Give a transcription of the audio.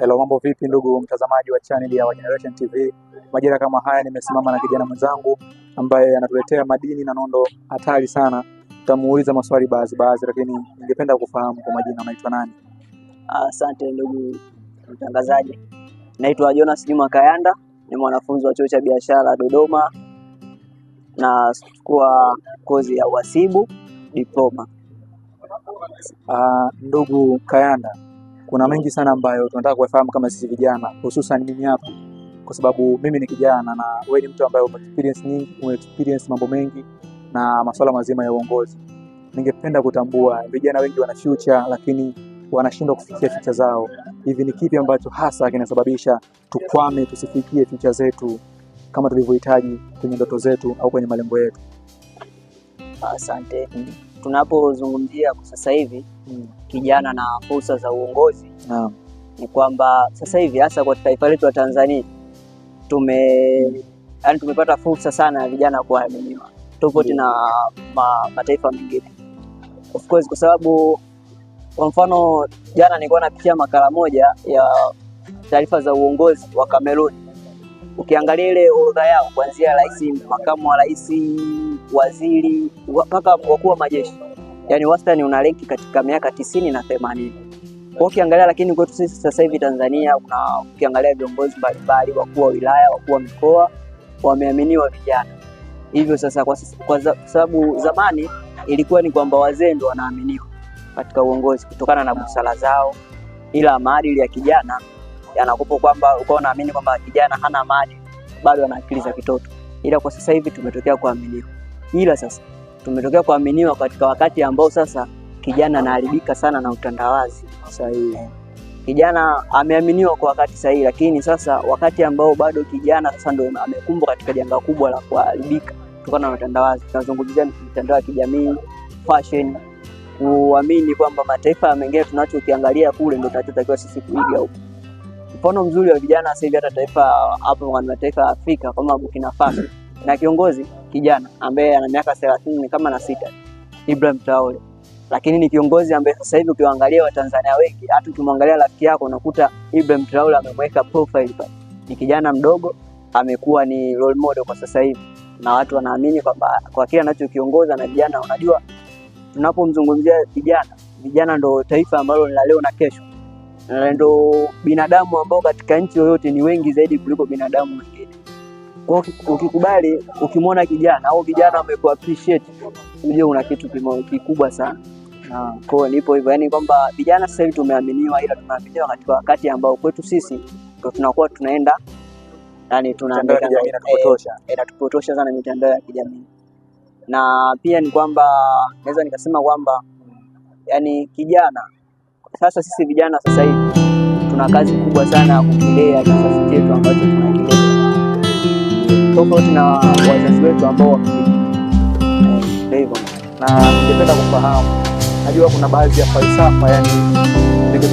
Hello, mambo vipi ndugu mtazamaji wa channel ya Generation TV. Majira kama haya nimesimama na kijana mwenzangu ambaye anatuletea madini na nondo hatari sana. Tutamuuliza maswali baadhi baadhi, lakini ningependa kufahamu kwa majina anaitwa nani? Asante ndugu mtangazaji, naitwa Jonas Juma Kayanda, ni mwanafunzi wa chuo cha biashara Dodoma na kuwa kozi ya uhasibu diploma. Uh, ndugu Kayanda kuna mengi sana ambayo tunataka kuyafahamu kama sisi vijana, hususan mimi hapa, kwa sababu mimi ni kijana na wewe ni mtu ambaye ume experience nyingi, experience mambo mengi na masuala mazima ya uongozi. Ningependa kutambua vijana wengi wana future, lakini wanashindwa kufikia future zao. Hivi ni kipi ambacho hasa kinasababisha tukwame, tusifikie future zetu kama tulivyohitaji kwenye ndoto zetu au kwenye malengo yetu? Asante tunapozungumzia kwa sasa hivi mm. kijana na fursa za uongozi yeah. ni kwamba sasa hivi hasa kwa taifa letu la Tanzania tume mm. yani tumepata fursa sana ya vijana kuaminiwa tofauti yeah. na ma, mataifa mengine of course, kwa sababu kwa mfano jana nilikuwa napitia makala moja ya taarifa za uongozi wa Kameruni Ukiangalia ile orodha yao kuanzia rais, makamu wa rais, waziri mpaka wakuu wa majeshi, yani wastani una renki katika miaka tisini na themanini kwa ukiangalia. Lakini kwetu sisi sasa hivi Tanzania kuna ukiangalia viongozi mbalimbali, wakuu wa wilaya, wakuu wa mikoa wameaminiwa vijana, hivyo sasa kwa, kwa sababu zamani ilikuwa ni kwamba wazee ndio wanaaminiwa katika uongozi kutokana na busara zao, ila maadili ya kijana yanakupa kwamba ukawa unaamini kwamba kijana hana maadili, bado ana akili za kitoto. Ila kwa sasa hivi tumetokea kuaminiwa, ila sasa tumetokea kuaminiwa katika wakati ambao sasa kijana anaharibika sana na utandawazi sahihi. Kijana ameaminiwa kwa wakati sahihi, lakini sasa wakati ambao bado kijana sasa ndio amekumbwa katika janga kubwa la kuharibika kutokana na utandawazi. Tunazungumzia mitandao ya kijamii, fashion, kuamini kwamba mataifa mengine tunachokiangalia kule ndio tunachotakiwa sisi kuiga huko mfano mzuri wa vijana sasa hivi hata taifa hapo kwa mataifa ya Afrika kama Burkina Faso hmm. na kiongozi kijana ambaye ana miaka 30 kama na sita Ibrahim Traore, lakini ni kiongozi ambaye sasa hivi ukiwaangalia Watanzania wengi, hata ukimwangalia rafiki yako unakuta Ibrahim Traore amemweka profile pale. Ni kijana mdogo, amekuwa ni role model kwa sasa hivi, na watu wanaamini kwamba kwa kile anachokiongoza na vijana. Unajua, tunapomzungumzia vijana, vijana ndo taifa ambalo ni la leo na kesho. Eh, ndo binadamu ambao katika nchi yoyote ni wengi zaidi kuliko binadamu wengine. Kwa ukikubali, ukimwona kijana au vijana wameku appreciate ujue una kitu kikubwa sana. Kwa nipo hivyo, yani kwamba vijana sasa hivi tumeaminiwa, ila tumeaminiwa katika wakati ambao kwetu sisi ndo tunakuwa tunaenda yani tunaangalia eh, inatupotosha sana mitandao ya kijamii. Na pia ni kwamba naweza nikasema kwamba yani kijana sasa sisi vijana sasa hivi tuna kazi kubwa sana ya kukilea kizazi chetu ambacho tunakilea, tofauti na wazazi wetu ambao wamepita eh, hivyo. Na ningependa kufahamu, najua kuna baadhi ya falsafa yani